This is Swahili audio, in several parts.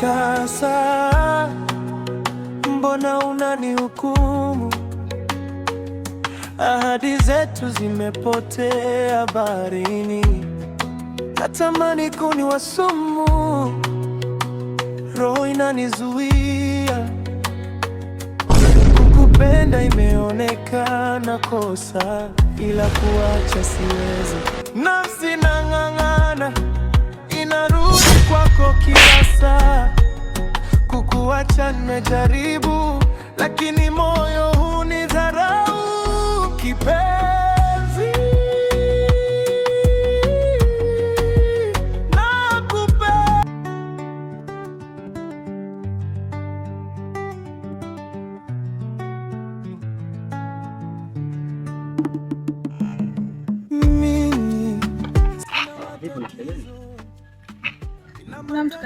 Sasa mbona unanihukumu? Ahadi zetu zimepotea baharini, natamani kuniwa sumu, roho inanizuia kukupenda. Imeonekana kosa, ila kuacha siwezi. kuacha nimejaribu, lakini moyo hunidharau kipenzi. Nakupe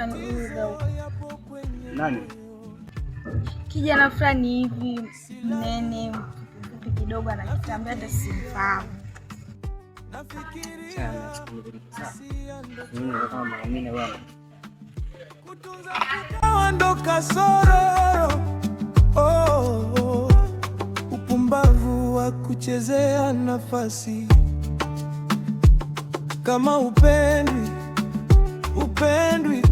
mimi nani? kijana fulani hivi mnene mfupi kidogo, anakitambia hata simfahamu. Ndo kasoro upumbavu wa kuchezea nafasi, kama upendwi upendwi